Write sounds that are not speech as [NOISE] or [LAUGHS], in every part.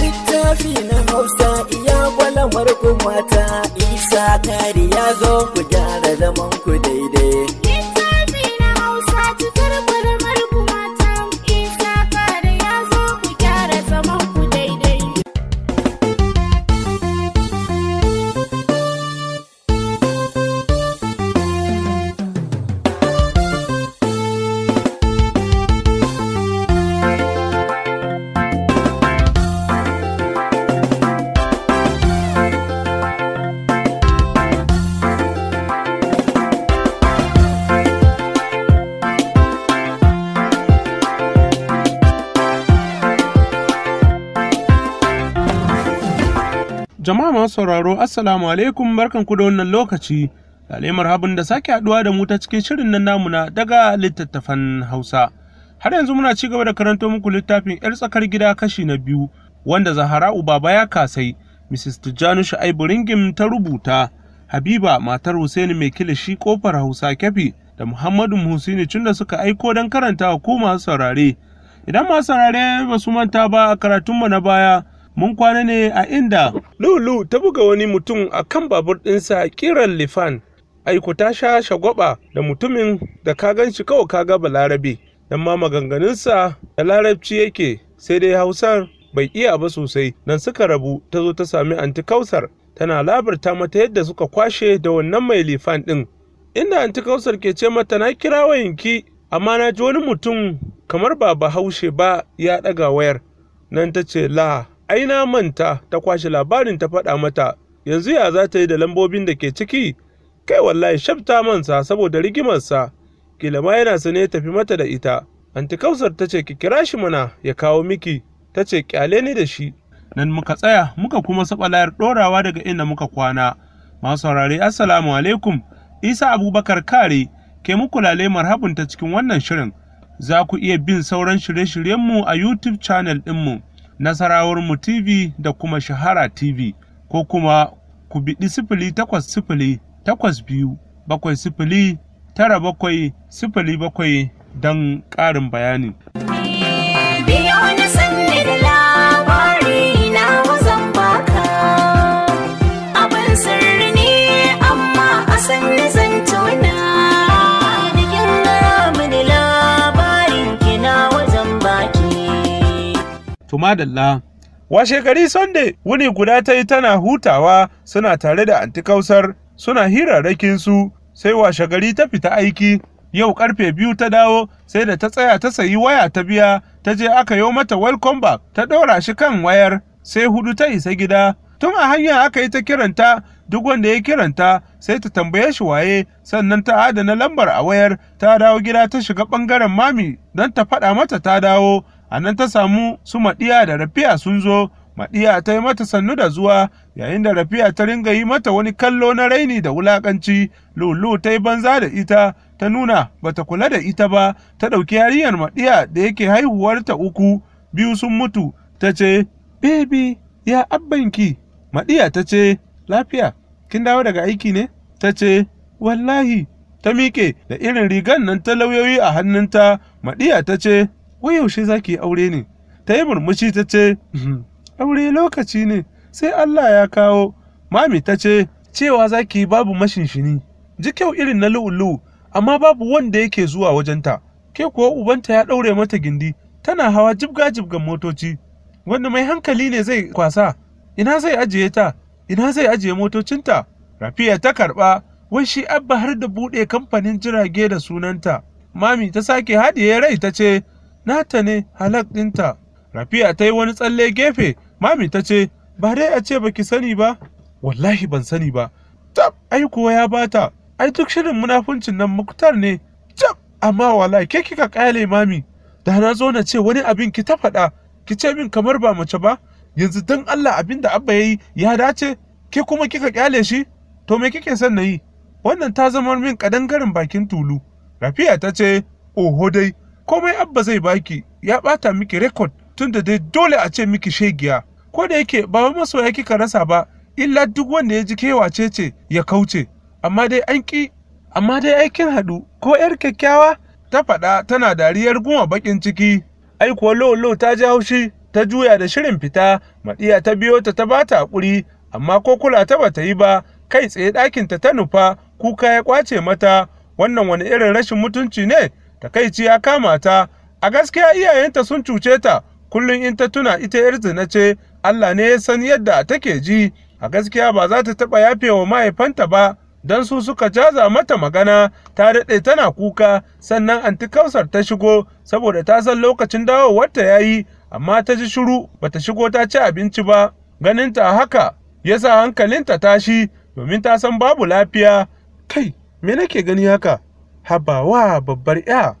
Littafi na Hausa iya kwalamar ku mata, Isa kari ya zo ku gyara zaman ku daidai. Jama'a masu sauraro, Assalamu alaikum barkanku da wannan lokaci, lemar marhabin da sake haɗuwa da mu ta cikin shirin nan namuna daga littattafan Hausa. Har yanzu muna ci gaba da karanto muku littafin 'yar tsakar gida kashi na biyu, wanda Zahara ba ya kasai, Mrs. Tijjani Shu'aibu Ringim ta rubuta, Habiba matar Hussein mai kilishi kofar Hausa Kyafi da Muhammadu Hussein tun da suka aiko don karanta ku masu saurare. Idan masu saurare ba su manta ba a karatunmu na baya, mun kwana ne a inda lulu ta buga wani mutum a kan babur ɗinsa kiran lifan aiko ta sha shagwaba da mutumin da ka gan shi kawai ka ga balarabe don ma maganganunsa da larabci yake sai dai hausar bai iya ba sosai nan suka rabu ta zo ta sami anti kausar tana labarta mata yadda suka kwashe da wannan mai lifan ɗin inda anti kausar ke ce mata na kira wayanki amma na ji wani mutum kamar ba ba haushe ba ya ɗaga wayar nan ta ce la ai na manta ta kwashe labarin ta faɗa mata yanzu ya za ta yi da lambobin da ke ciki kai wallahi shafta mansa saboda rigimarsa kila ma yana sane ya tafi mata da ita anti kausar ta ce ki kira shi mana ya kawo miki ta ce kyale ni da shi nan muka tsaya muka kuma saba layar ɗorawa daga inda muka kwana masu saurare assalamu alaikum isa abubakar kare ke muku lale marhabun ta cikin wannan shirin za ku iya bin sauran shirye-shiryenmu a youtube channel ɗinmu. mu nasarawar mu tv da kuma shahara tv ko kuma ku biɗi sifili takwas sifili takwas biyu bakwai sifili tara bakwai sifili bakwai don ƙarin bayani. madalla. Washe gari Sunday wuni guda ta yi tana hutawa suna tare da antikausar suna hirarrakin su sai washe gari ta fita aiki yau karfe biyu ta dawo sai da ta tsaya ta sayi waya ta biya ta je aka yo mata welcome back ta ɗora shi kan wayar sai hudu ta isa gida tun a hanya aka yi ta kiranta duk wanda ya kiranta sai ta tambaye shi waye sannan ta adana lambar a wayar ta dawo gida ta shiga ɓangaren mami don ta faɗa mata ta dawo a nan ta samu su maɗiya da rafiya sun zo maɗiya ta yi mata sannu da zuwa yayin da rafiya ta ringa yi mata wani kallo na raini da wulaƙanci lulu ta yi banza da ita ta nuna ba ta kula da ita ba ta ɗauki yariyar maɗiya da yake haihuwarta uku biyu sun mutu ta ce bebi ya abbanki maɗiya ta ce lafiya kin dawo daga aiki ne ta ce wallahi ta miƙe da irin rigan nan ta lauyoyi a hannunta maɗiya ta ce wai yaushe za ki yi aure ne ta yi murmushi ta ce mhm, aure lokaci ne sai allah ya kawo mami ta ce cewa za ki yi babu mashinshini ji kyau irin na lu'ulu amma babu wanda yake zuwa wajenta ke kuwa ubanta ya ɗaure mata gindi tana hawa jibga-jibgan motoci wanda mai hankali ne zai kwasa ina zai ajiye ta ina zai ajiye motocinta rafiya ta karɓa wai shi abba har da buɗe kamfanin jirage da sunanta mami ta sake haɗiye rai ta ce nata ne halak ɗinta Rafiya ta yi wani tsalle gefe mami ta ce ba dai a ce baki sani ba wallahi ban sani ba tab ai kuwa ya bata ai duk shirin munafuncin nan muktar ne tab amma wallahi ke kika kyale mami da na zo na ce wani abin ki ta faɗa ki ce min kamar ba mace ba yanzu dan Allah abin da abba yi ya dace ke kuma kika kyale shi to me kike son na yi wannan ta zama min kadangaren bakin tulu rafiya ta ce oho dai komai abba zai baki ya bata miki rekod tunda dai dole a ce miki shegiya ko da yake ba wai masoya kika rasa ba illa duk wanda ya ji kewace ce ya kauce amma dai an ki amma dai aikin haɗu ko yar kyakkyawa ta faɗa tana dariyar guma bakin ciki ai kuwa lolo ta ji haushi ta juya da shirin fita maɗiya ta biyo ta ta bata haƙuri amma ko kula ta bata yi ba kai tsaye ɗakinta ta nufa kuka ya kwace mata wannan wani irin rashin mutunci ne takaici ya kama ta a gaskiya iyayenta sun cuce ta kullum in ta tuna ita yar zina ce Allah ne ya san yadda take ji a gaskiya ba za ta taɓa yafewa mahaifanta ba don su suka jaza mata magana ta daɗe tana kuka sannan anti kausar ta shigo saboda ta san lokacin dawowarta ya yayi amma ta ji shiru bata shigo ta ci abinci ba ganinta haka ya sa hankalinta tashi domin ta san babu lafiya kai me nake gani haka Habawa babbar ‘ya,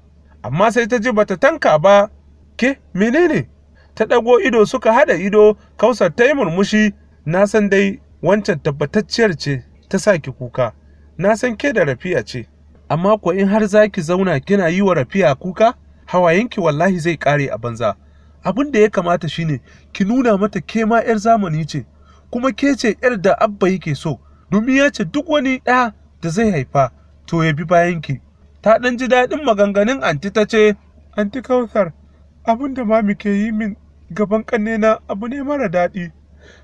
amma sai ta ji bata tanka ba, ke menene? Ta ɗago ido suka haɗa ido, Kausar ta yi murmushi, na san dai wancan tabbatacciyar ce ta saki kuka, na san ke da rafiya ce, amma ko in har za ki zauna kina yi wa rafiya kuka, hawayenki wallahi zai ƙare a banza. Abin da ya kamata shine ki nuna mata ke ma 'yar zamani ce, kuma ke ce 'yar da abba yake so, domin ya ce duk wani ɗa da zai haifa to ya bi bayanki. ta ɗan ji daɗin maganganun anti ta ce anti kautar abin da mami ke yi min gaban ƙannena abu ne mara daɗi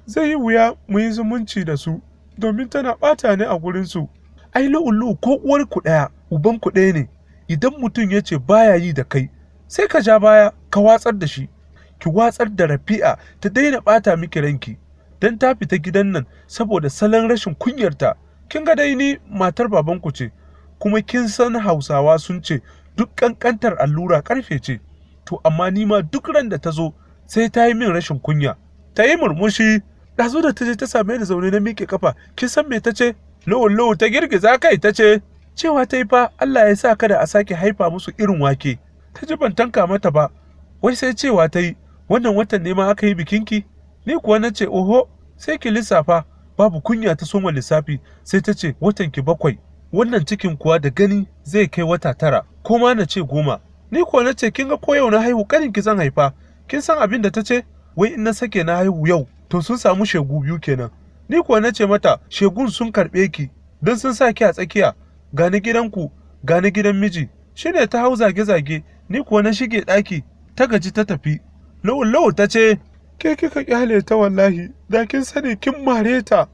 zai yi wuya mu yi zumunci da su domin tana ɓata ne a gurinsu ai lu'u ko uwar ku ɗaya uban ku ɗaya ne idan mutum ya ce baya yi da kai sai ka ja baya ka watsar da shi ki watsar da rafi'a ta daina ɓata miki ranki don ta fita gidan nan saboda salon rashin kunyarta kin ga dai ni matar babanku ce kuma kin san hausawa sun ce duk ƙanƙantar allura ƙarfe ce to amma ni ma duk ran da ta zo sai ta yi min rashin kunya ta yi murmushi zo da ta je ta same ni zaune na miƙe kafa kin san me ta ce lowun lawo ta girgiza kai ta ce cewa ta yi fa Allah ya sa kada a sake haifa musu irin wake ta ji ban tanka mata ba wai sai cewa ta yi wannan watan ne ma aka yi bikinki ni kuwa na ce oho sai ki lissafa babu kunya ta soma lissafi sai ta ce watan ki bakwai wannan cikin kuwa da gani zai kai wata tara ko ma na ce goma ni kuwa na ce kin ga ko yau na haihu karin ki zan haifa kin san abin da ta ce wai in na sake na haihu yau to sun samu shegu biyu kenan ni kuwa na ce mata shegun sun karɓe ki don sun sa ki a tsakiya ga ni gidanku ga ni gidan miji shine ta hau zage-zage ni kuwa na shige ɗaki ta gaji ta tafi lawul lawul ta ce ke kika kyale ta wallahi da kin sani kin mare ta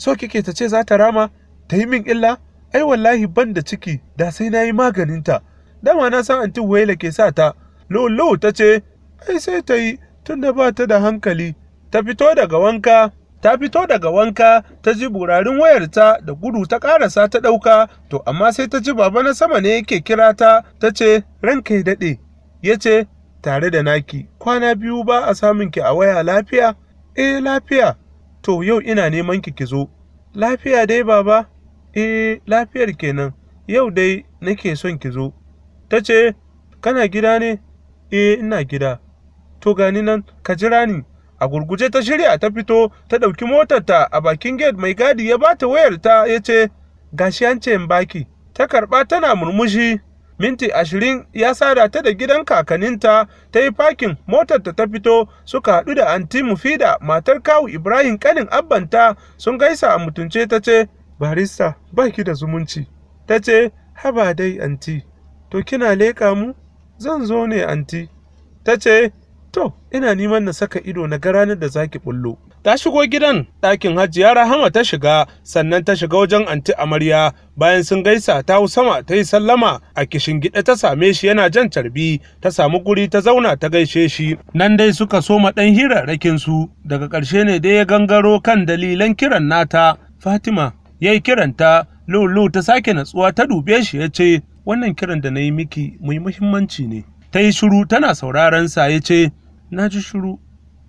so kike ta ce za ta rama ta yi min illa ai wallahi ban da ciki da sai na yi maganinta dama na san anti waila ke sa ta lolo ta ce ai sai ta yi tun da ba ta da hankali ta fito daga wanka ta fito daga wanka ta ji burarin wayarta da gudu ta karasa ta ɗauka to amma sai ta ji baba na sama ne yake kira ta ta ce ranka ya daɗe ya ce tare da naki kwana biyu ba a samun ki a waya lafiya eh lafiya to yau ina neman ki ki zo lafiya dai baba Eh, lafiyar kenan, yau dai nake son ki zo. Ta ce, Kana gida ne? Eh, ina gida. To gani nan, ka jira ni. A gurguje ta shirya ta fito, ta ɗauki motarta a bakin gate mai gadi ya bata wayarta ya ce, Gashi an ce in baki. Ta karɓa tana murmushi. Minti ashirin ya sada ta da gidan kakaninta ta yi fakin motarta ta fito suka haɗu da anti mufida matar kawu Ibrahim ƙanin abbanta sun gaisa a mutunce ta ce, barista ba ki da zumunci ta ce haba dai anti to kina leƙa mu zan zo ne anti ta ce to ina neman na saka ido na ga ranar da zaki bullo ta shigo gidan ɗakin hajiya rahama ta shiga sannan ta shiga wajen anti amarya bayan sun gaisa ta hau sama ta yi sallama a kishin gida ta same shi yana jan carbi ta samu guri ta zauna ta gaishe shi nan dai suka soma ɗan hirarrakin su daga ƙarshe ne dai ya gangaro kan dalilan kiran nata fatima ya yi kiranta lulu ta sake natsuwa ta dube shi ya ce wannan kiran da na yi miki mai muhimmanci ne ta yi shiru tana sauraron sa ya ce na ji shiru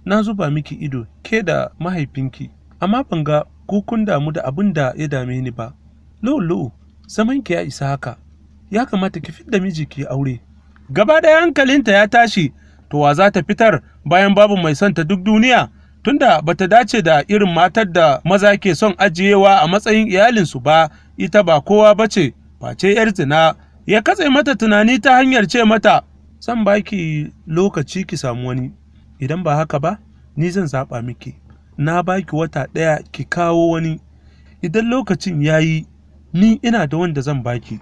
na zuba miki ido ke da mahaifinki amma ban ga kukun damu da abin da ya dame ni ba lulu zaman ki ya isa haka ya kamata ki fidda miji ki aure gaba ɗaya hankalinta ya tashi to wa za ta fitar bayan babu mai son ta duk duniya tunda bata dace da irin matar da maza ke son ajiyewa a matsayin iyalinsu ba ita ba kowa ba bace face yar zina ya katse mata tunani ta hanyar ce mata zan baki lokaci ki samu wani idan ba haka ba ni zan zaɓa miki na baki wata ɗaya ki kawo wani idan lokacin ya yi ni ina da wanda zan baki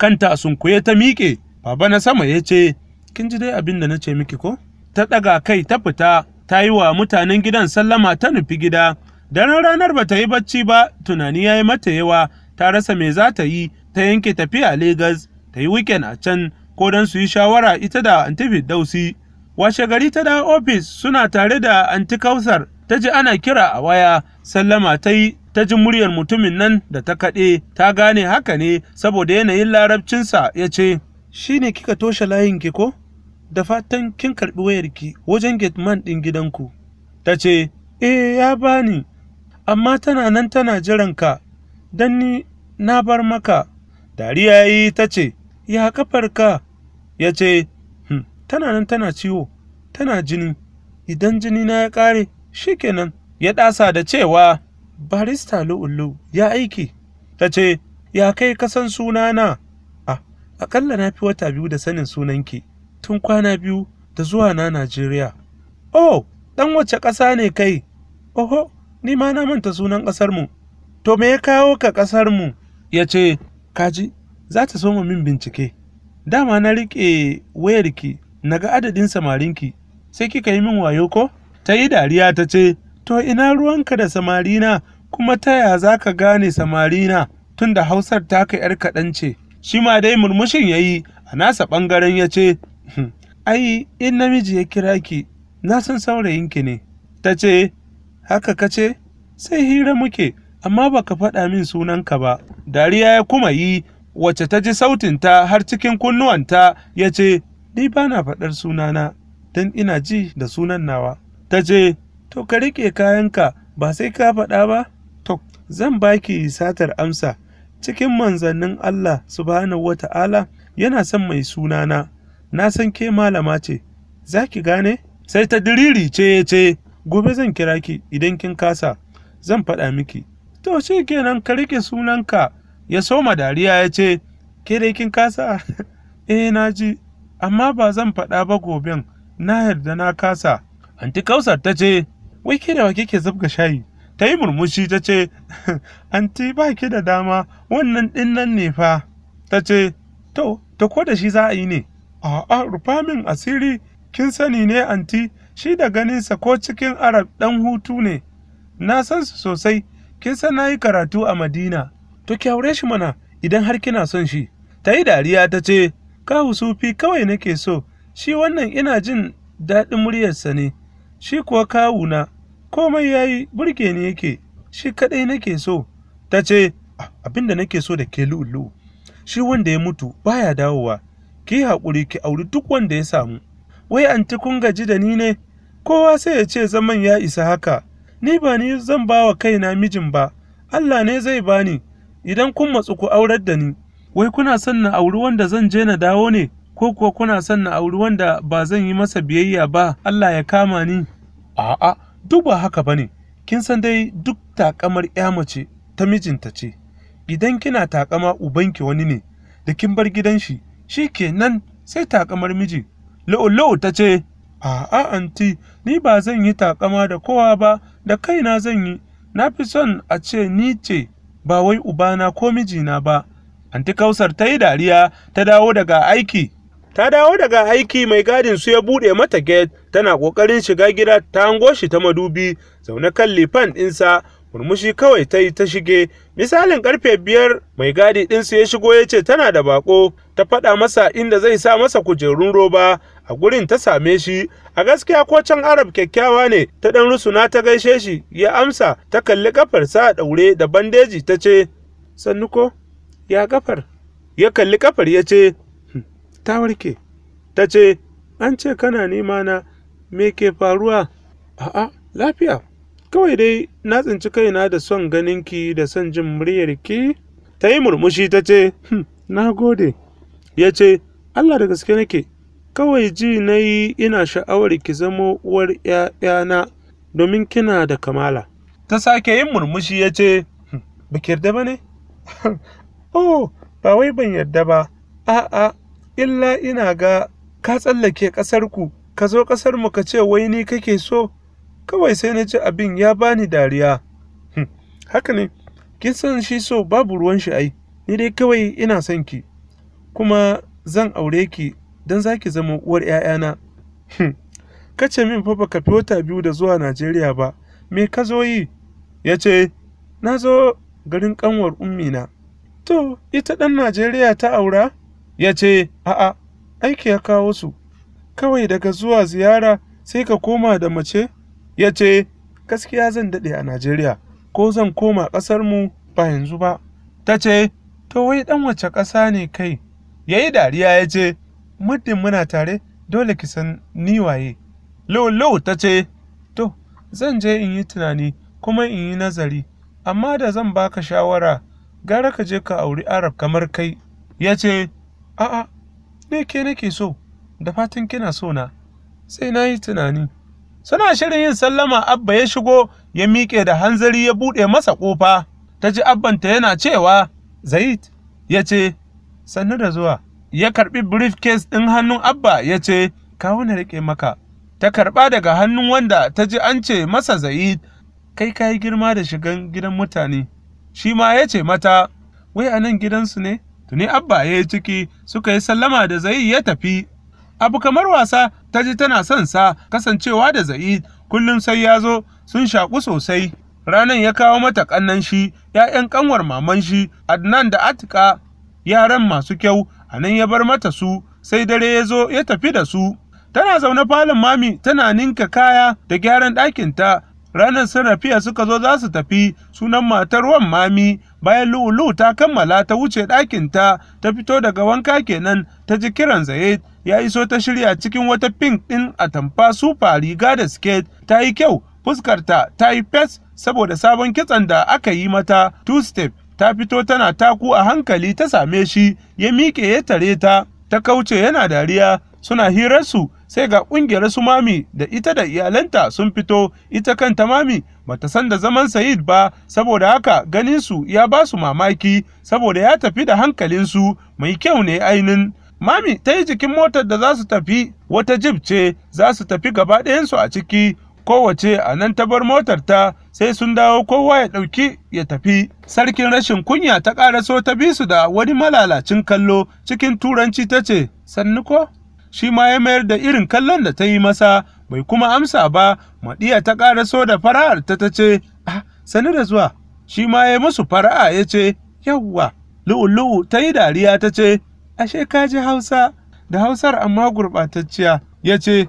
kanta sun kuye ta miƙe baba na sama ya ce kin ji dai abin da na ce miki ko ta ɗaga kai ta fita ta yi wa mutanen gidan sallama ta nufi gida don ranar ba ta yi bacci ba tunani ya yi mata yawa ta rasa me za ta yi ta yanke tafiya Legas ta yi weekend a can ko don su yi shawara ita da anti dausi washe gari ta da ofis suna tare da anti kausar ta ji ana kira a waya sallama ta yi ta ji muryar mutumin nan da ta kaɗe ta gane haka ne saboda yanayin larabcinsa ya ce shi ne kika toshe layin ki ko da fatan kin karɓi wayarki wajen man ɗin gidanku. Ta ce, Eh, ya bani, amma tana nan tana jiranka, don ni na bar maka. Dariya yi ta ce, Ya kafarka, ya ce, hmm, tana nan tana ciwo, tana jini, idan jini na ya ƙare, shikenan. Ya ɗasa da cewa, Barista Lu'ulu ya aiki, ta ce, Ya kai kasan sunana, a, ah, akalla aƙalla na fi wata biyu da sanin sunanki. tun kwana biyu da zuwa na Najeriya. Oh, ɗan wace ƙasa ne kai? Oho, ni ma na manta sunan ƙasarmu. To me ya kawo ka ƙasarmu? Ya ce, kaji, za ta soma min bincike. Dama na riƙe wayarki, na ga adadin samarinki, sai kika yi min wayo ko? Ta yi dariya ta ce, to ina ruwanka da samarina, kuma ta ya za ka gane samarina tun da hausar taka ‘yar kaɗan ce. Shi ma dai murmushin ya yi, a nasa ɓangaren ya ce, [LAUGHS] ai in namiji ya kira ki na san saurayinki ne ta ce haka ka ce sai hira muke amma baka faɗa min sunanka ba dariya ya kuma yi wacce ta ji ta har cikin kunnuwanta ya ce ni ba na faɗar sunana don ina ji da sunan nawa ta ce to ka riƙe kayanka ba sai ka faɗa ba to zan baki satar amsa cikin manzannin Allah subhanahu wata'ala yana son mai sunana na san ke malama ce, za ki gane? Sai ta diriri ce ce, gobe zan kira ki idan kin kasa, zan faɗa miki. To shi kenan ka rike sunanka, ya soma dariya ya ce, ke dai kin kasa? [LAUGHS] eh na ji, amma ba zan faɗa ba goben, na yarda na kasa. Anti Kausar ta ce, wai ke da wa kike zabga shayi? Ta yi murmushi ta ce, [LAUGHS] Anti ba ki da dama, wannan ɗin nan ne fa. Ta ce, to, ta ko da shi za a yi ne. A'a, rufa min asiri, kin sani ne anti, shi da ganinsa ko cikin Arab ɗan hutu ne, na san su sosai, kin san na yi karatu a Madina. To ki aure shi mana idan har kina son shi. Ta yi dariya ta ce, kawu sufi kawai nake so, shi wannan ina jin daɗin muryarsa ne, shi kuwa kawu na, komai ya yi burge ni yake, shi kaɗai nake so. Ta ce, ah, abin da nake so da ke lu'u shi wanda ya mutu baya dawowa ki haƙuri ki auri duk wanda ya samu wai anti kun gaji da ni ne kowa sai ya ce zaman ya isa haka ni ba ni zan ba wa kaina mijin ba Allah ne zai bani idan kun matsu ku aurar da ni wai kuna son na auri wanda zan je na dawo ne ko kuwa kuna son na auri wanda ba zan yi masa biyayya ba Allah ya kama ni a'a duk ba haka bane kin san dai duk takamar ya mace ta mijinta ce idan kina takama ubanki wani ne da kin bar gidan shi shi kenan sai takamar miji lo'o ta ce a'a anti ni ba zan yi takama da kowa ba da kaina zan yi na fi son a ce ni ce ba wai ubana ko mijina ba anti kausar ta yi dariya ta dawo daga aiki ta dawo daga aiki mai gadin su ya buɗe mata gate tana ƙoƙarin shiga gida ta hango shi ta madubi zaune kan lifan ɗinsa murmushi kawai ta yi ta shige misalin karfe biyar mai gadi ɗinsu ya shigo ya ce tana da bako ta faɗa masa inda zai sa masa kujerun roba a gurin ta same shi a gaskiya ko can arab kyakkyawa ne ta ɗan rusuna ta gaishe shi ya amsa ta kalli kafarsa a ɗaure da bandeji ta ce sannu ko ya kafar ya kalli kafar ya ce hmm, ta warke ta ce an ce kana nema na me ke faruwa a'a lafiya kawai dai na tsinci kaina da son ganinki da son jin muryarki ta yi murmushi ta ce hmm, na gode ya ce allah da gaske nake kawai ji na yi ina sha'awar ki zamo uwar ‘ya'yana domin kina da kamala ta sake yin murmushi ya ce hmm, ba ki yarda ba ne [LAUGHS] oh ba wai ban yarda ba a'a illa ina ga ka tsallake ƙasarku ka zo ƙasarmu ka ce wai ni kake so kawai sai na ji abin ya bani dariya hm, haka ne kin san shi so babu ruwan shi ai ni dai kawai ina son ki kuma zan aure ki don za ki zama uwar 'ya'yana hm, kace min fa baka fi wata biyu da zuwa najeriya ba me ka zo yi ya ce na zo garin kanwar ummina to ita ɗan najeriya ta aura ya ce a'a aiki ya kawo su kawai daga zuwa ziyara sai ka koma da mace ya ce gaskiya zan daɗe a najeriya ko zan koma ƙasarmu ba yanzu ba ta ce to wai ɗan wace ƙasa ne kai ya yi dariya ya ce muddin muna tare dole ki san ni waye lolo ta ce to zan je in yi tunani kuma in yi nazari amma da zan baka shawara gara ka je ka auri arab kamar kai ya ce a'a ne ke nake so da fatan kina so na sai na yi tunani Suna shirin yin sallama Abba ya shigo ya miƙe da hanzari ya buɗe masa ƙofa, ta ji Abbanta yana cewa, Zaid ya ce, sannu da zuwa. Ya karɓi briefcase ɗin hannun Abba ya ce, kawo na riƙe maka. Ta karɓa daga hannun wanda ta ji an ce masa Zaid, kai ka yi girma da shigan gidan mutane. Shi ma ya ce mata, wai a nan gidansu ne? Tuni Abba ya yi ciki suka yi sallama da Zaid ya tafi. Abu kamar wasa ta ji tana son sa kasancewa da za'id kullum sai ya zo sun shaƙu sosai ranan ya kawo mata ƙannan shi ‘ya'yan ƙanwar maman shi adnan da atika yaran masu kyau a nan ya bar mata su sai dare ya zo ya tafi da su tana zaune falon mami tana ninka kaya da gyaran ɗakinta ranar sun rafiya suka zo za su tafi sunan matar wan mami bayan lu'u ta kammala ta wuce ɗakinta ta fito daga wanka kenan ta ji kiran zaid ya iso ta shirya cikin wata pink ɗin atamfa super riga da skate ta yi kyau fuskarta ta yi fes saboda sabon kitson da aka yi mata two step ta fito tana taku a hankali ta same shi ya miƙe ya tare ta ta kauce yana dariya suna hirarsu sai ga ƙungiyar su mami da ita da iyalanta sun fito ita kanta mami bata san da zaman Sayid ba saboda haka ganin su ya ba su mamaki saboda ya tafi da hankalinsu mai kyau ne ainin Mami ta yi jikin motar da za su tafi wata jib ce za su tafi gaba ɗayansu a ciki kowace a nan ta bar motar ta sai sun dawo kowa ya ɗauki ya tafi. Sarkin rashin kunya ta ƙara so ta bi su da wani malalacin kallo cikin turanci ta ce, Sannu ko? Shi ma ya mayar da irin kallon da ta yi masa bai kuma amsa ba, maɗiya ta ƙara so da fara'ar ta ta ce, Ah, sani da zuwa. Shi ma ya musu fara'a ya ce, Yawwa, lu'u-lu'u ta yi dariya ta ce, ashe ka ji hausa da hausar amma gurɓatacciya ya ce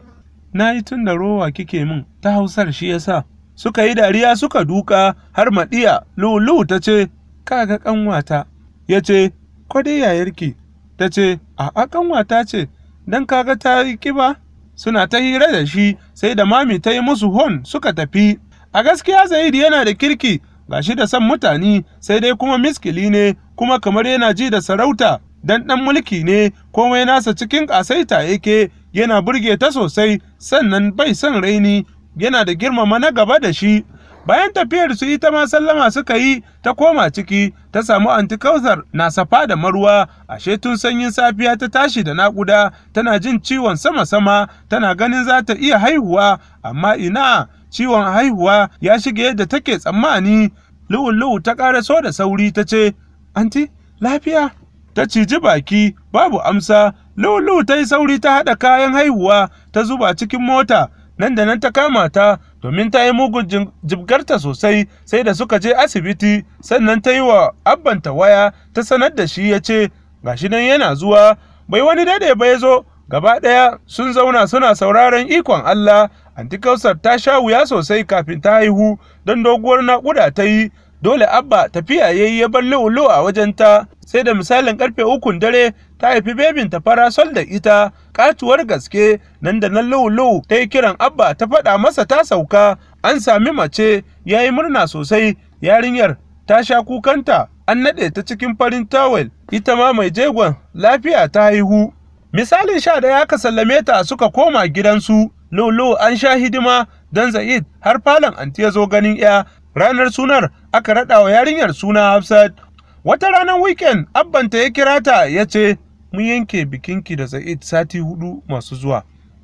na yi tun da rowa kike min ta hausar shi yasa suka yi dariya suka duka har maɗiya lulu ta ce kaga ƙanwata ya ce kwade yayarki ta ce a ƙanwata ce don kaga ta yi kiba suna ta hira da shi sai da mami ta yi musu hon suka tafi a gaskiya zaidi yana da kirki gashi da son mutane sai dai kuma miskili ne kuma kamar yana ji da sarauta dan ɗan mulki ne komai nasa cikin ƙasaita yake yana burge ta sosai sannan bai son raini yana da girmama na gaba da shi bayan tafiyar su ita ma sallama suka yi ta koma ciki ta samu antikausar na safa da marwa ashe tun sanyin safiya ta tashi da naƙuda tana jin ciwon sama-sama tana ganin za ta iya haihuwa amma ina ciwon haihuwa ya shige yadda take tsammani lu'u-lu'u ta ƙara so da sauri ta ce anti lafiya ta ciji baki babu amsa lulu ta yi sauri ta haɗa kayan haihuwa ta zuba cikin mota nan da nan ta kama ta domin ta yi mugun jibgarta sosai sai da suka je asibiti sannan ta yi wa abbanta waya ta sanar da shi ya ce gashi nan yana zuwa bai wani dade ba ya zo gaba ɗaya sun zauna suna sauraron ikon Allah anti kausar ta sha wuya sosai kafin ta haihu don doguwar naƙuda ta yi dole abba tafiya yayi ya bar lu'ulu a ta sai da misalin karfe ukun dare ta haifi bebin ta farasol da ita katuwar gaske nan da nan lu'ulu ta yi kiran abba ta faɗa masa ta sauka an sami mace ya yi murna sosai yarinyar ta sha kukanta an naɗe ta cikin farin tawel ita ma mai jegon lafiya ta haihu misalin sha ɗaya aka sallame ta suka koma gidansu luluu an sha hidima don za'id har falon anti ya zo ganin ya ranar sunar aka raɗa wa yarinyar suna Hafsat. Wata ranar weekend abbanta ya kira ta ya ce, Mun yanke bikinki da Sa'id sati hudu masu zuwa.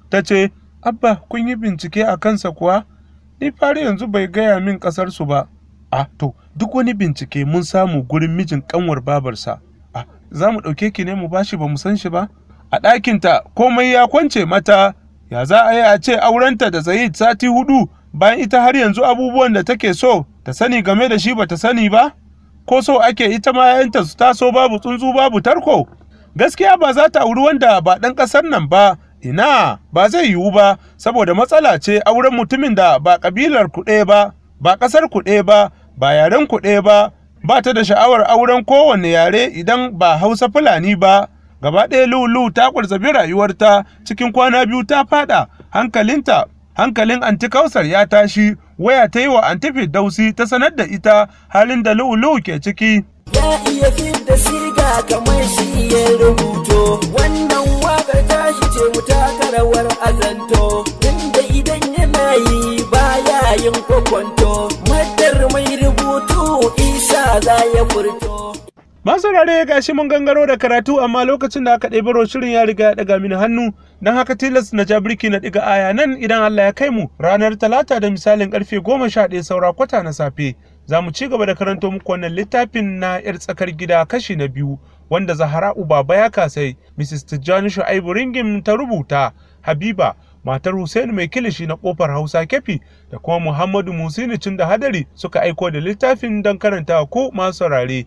Ta ce, Abba, kun yi bincike a kansa kuwa? Ni fari yanzu bai gaya min ƙasarsu ba. A, to, duk wani bincike mun samu gurin mijin kanwar babarsa. A, za mu ɗauke ki ne mu bashi ba mu san shi ba? A ɗakinta komai ya kwance mata, ya za a yi a ce aurenta da Sa'id sati hudu bayan ita har yanzu abubuwan da take so ta sani game da shi ba ta sani ba ko so ake ita ma yayanta su taso babu tsuntsu babu tarko gaskiya ba za ta auri wanda ba ɗan ƙasar nan ba ina ba zai yiwu ba saboda matsala ce auren mutumin da ba ƙabilar ku ɗaya ba ba ƙasar ku ɗaya ba ba yaren ku ɗaya ba ba ta da sha'awar auren kowane yare idan ba hausa fulani ba gaba ɗaya lulu ta ƙwarzabi rayuwarta cikin kwana biyu ta faɗa hankalinta hankalin anti kausar ya tashi waya ta yi wa anti Firdausi ta sanar da ita halin da Lu'ulu'u ke ciki. Ya iya fidda siga kamar shi ya rubuto, wannan waƙar tashi ce mu taka rawar azanto, inda idan yana yi baya yin kwakwanto, madar mai rubutu isa za ya furto. masaurare ga shi mun gangaro da karatu amma lokacin da aka baro shirin ya riga ya ɗaga mini hannu don haka tilas na ja birki na ɗiga aya nan idan Allah ya kai mu ranar talata da misalin karfe goma sha ɗaya saura kwata na safe za mu ci gaba da karanto muku wannan littafin na 'yar tsakar gida kashi na biyu wanda Zahara ba ya kasai Mrs. Tijjani Shu'aibu Ringim ta rubuta Habiba matar Hussein mai kilishi na kofar Hausa Kefi da kuma Muhammadu Musini Cin da Hadari suka aiko da littafin don karanta ko masu saurare.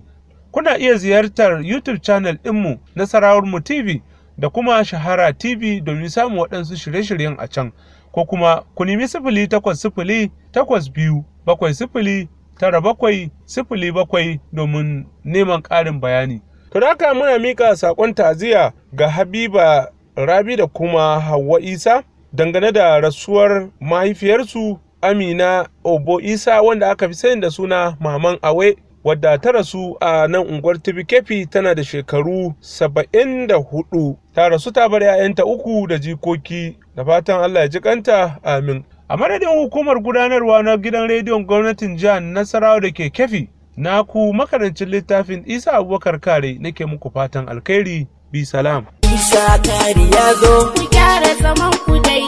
Kuna iya ziyartar YouTube channel ɗinmu na mu TV da kuma Shahara TV domin samun waɗansu shirye-shiryen a can, ko kuma ku nemi sifili takwas sifili takwas biyu bakwai sifili tara bakwai sifili bakwai domin neman ƙarin bayani. To haka muna mika saƙon ta'aziyya ga Habiba Rabi da kuma Hauwa Isa dangane da rasuwar mahaifiyarsu Amina Obo Isa wanda aka fi sani da suna Maman Awe wadda ta rasu a nan unguwar tibikefi tana da shekaru saba'in da hudu. ta rasu ta bar 'ya'yanta uku da jikoki da fatan allah ya ji kanta amin a madadin hukumar gudanarwa na gidan rediyon gwamnatin jihar nasarawa da ke kefi na ku makarancin littafin isa abubakar kare nake muku fatan alkhairi bi salam isa kare ya zo ku gyara zaman ku dai